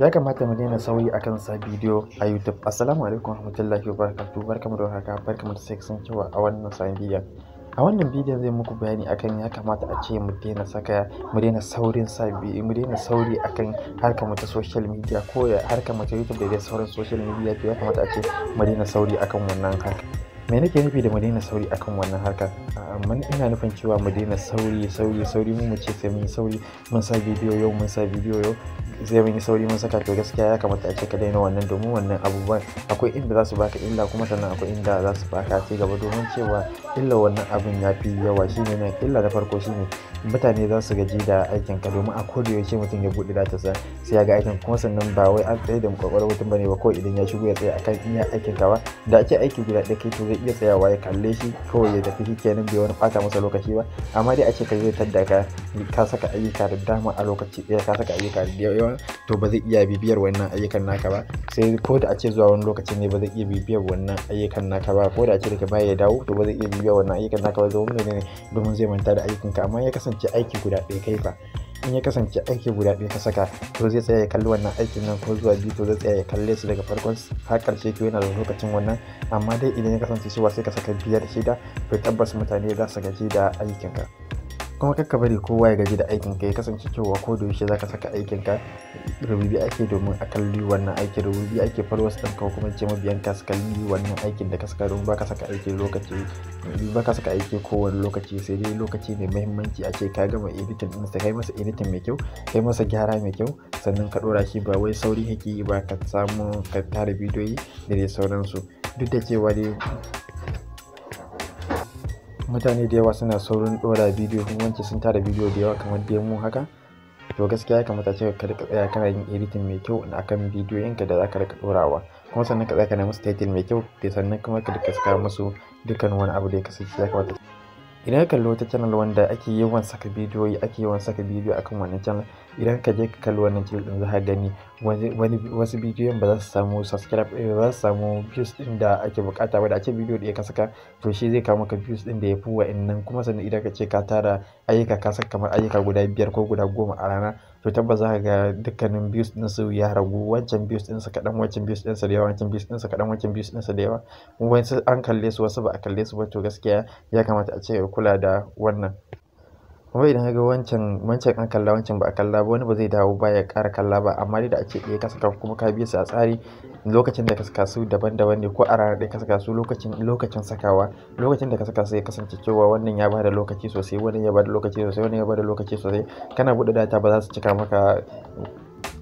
ya kamata mu daina sauyi akan sa bidiyo a youtube assalamu alaikum warahmatullahi wabarakatuh barkamu da warhaka barkamu da sake cewa a wannan sabon bidiyon a wannan bidiyon zai muku bayani akan ya kamata a ce mu daina saka mu daina saurin sa mu daina sauri akan harkar mu ta social media ko harkar mu ta youtube da dai sauran social media ya kamata a ce mu daina sauri akan wannan harkar me nake nufi da mu daina sauri akan wannan harkar amma ina nufin cewa mu daina sauri sauri sauri mu ce sai mun sauri mun sa bidiyo yau mun sa bidiyo yau zai mun yi sauri mun saka to gaskiya ya kamata a ce ka daina wannan domin wannan abubuwan akwai inda za su baka illa kuma sannan akwai inda za su baka ci gaba domin cewa illa wannan abin ya fi yawa shine nan illa na farko ne mutane za su gaji da aikin ka domin a koda yaushe mutum ya buɗe data sa sai ya ga aikin kuma sannan ba wai an tsaye da kwakwalwar mutum bane ba ko idan ya shigo ya tsaya akan iya aikin ka ba da ake aiki gida ɗaya kai to zai iya tsayawa ya kalle shi ko ya tafi shi kenan bai wani ɓata masa lokaci ba amma dai a ce ka zai tadda ka ka saka ayyuka da dama a lokaci ɗaya ka saka ayyuka da yawa to ba zai iya bibiyar wannan ayyukan naka ba sai ko da a ce zuwa wani lokacin ne ba zai iya bibiyar wannan ayyukan naka ba ko da a ce daga baya ya dawo to ba zai iya bibiyar wannan ayyukan naka ba domin ne domin zai manta da ayyukanka amma ya kasance aiki guda ɗaya kai fa in ya kasance aiki guda ɗaya ka saka to zai tsaya ya kalli wannan aikin nan ko zuwa biyu to zai tsaya ya kalle su daga farkon har ƙarshe to yana da lokacin wannan amma dai idan ya kasance cewa sai ka saka biyar shida to tabbas mutane za su gaji da aikinka. kuma kakka bari kowa ya gaji da aikin ka ya kasance cewa ko da yaushe zaka saka aikin ka rububi ake domin a kalli wannan aiki rububi ake followers din ka kuma ce mabiyan ka su kalli wannan aikin da ka saka domin baka saka aiki lokaci baka saka aiki kowane lokaci sai dai lokaci mai muhimmanci a ce ka gama editin din sa kai masa editin mai kyau kai masa gyara mai kyau sannan ka ɗora shi ba wai sauri yake ba ka samu ka tara bidiyoyi da dai sauransu duk da cewa dai mutane da yawa suna saurin ɗora bidiyo kuma wance sun tara bidiyo da yawa kamar dai mu haka to gaskiya ya kamata ce ka rika tsaya kana yin editing mai kyau na akan bidiyoyinka da zaka rika ɗorawa kuma sannan ka tsaya kana musu title mai kyau da sannan kuma ka rika saka musu dukkan wani abu da ya kasance ya kamata idan ka kalli wata channel wanda ake yawan saka bidiyoyi ake yawan saka bidiyo akan wannan channel idan ka je ka kalli wannan channel din zaka gani wani wasu bidiyon ba za su samu subscribe eh, ba za su samu views din da ake bukata ba da ake bidiyo da ka saka to shi zai kawo maka views din da ya fi wa'annan kuma sannan idan ka ce ka tara ayyuka ka saka kamar ayyuka guda biyar ko guda goma a rana to tabbas za ka ga dukkanin views din su ya ragu wancan views din su kadan wancan views din su da yawa wancan views din su kadan wancan views din su da yawa Wancan an kalle su wasu ba a kalle su ba to gaskiya ya kamata a ce kula da wannan kuma idan ya ga wancan wancan an kalla wancan ba a kalla ba wani ba zai dawo ba ya ƙara kalla ba amma dai da a ce ɗaya ka saka kuma ka biya su a tsari lokacin da ka saka daban-daban ne ko a ranar ɗaya ka saka lokacin lokacin sakawa lokacin da ka saka ya kasance cewa wannan ya bada lokaci sosai wannan ya bada lokaci sosai wannan ya bada lokaci sosai kana buɗe data ba za su cika maka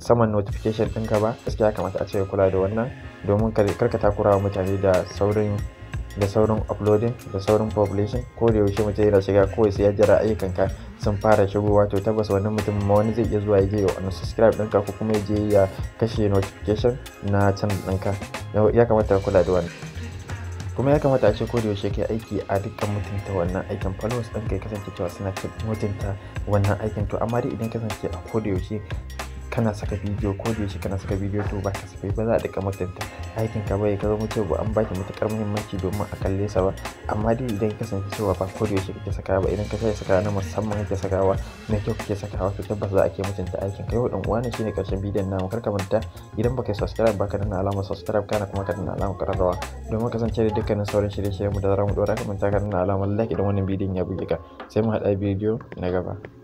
saman notification ɗinka ba gaskiya kamata a ce kula da wannan domin karka takura wa mutane da saurin da saurin uploading da saurin publishing ko da yaushe mutum yana shiga ko sai ya jira ka sun fara shigowa to tabbas wannan mutum ma wani zai iya zuwa ya je ya subscribe ɗinka ko kuma ya je ya kashe notification na channel ɗinka ya kamata ka kula da wani. kuma ya kamata a ce ko da yaushe kai aiki a dukkan mutunta wannan aikin followers ɗinka ya kasance cewa suna mutunta wannan aikin to amma dai idan kasance a ko da yaushe kana saka bidiyo ko da yake kana saka bidiyo to ba ka saka ba za a dika mutunta aikin ka bai mutum ba an baki matukar muhimmanci domin a kalle sa ba amma dai idan ka san cewa ba ko da yake kake saka ba idan ka sai saka na musamman kake sakawa na kyau kake sakawa to tabbas za a ke mutunta aikin ka yau dan uwa ne shine karshen bidiyon namu kar ka manta idan baka subscribe ba ka danna alamar subscribe kana kuma ka danna alamar kararrawa domin kasance da dukkanin sauran shirye-shiryen mu da za mu dora ka manta ka danna alamar like idan wannan bidiyon ya buge ka sai mu haɗa bidiyo na gaba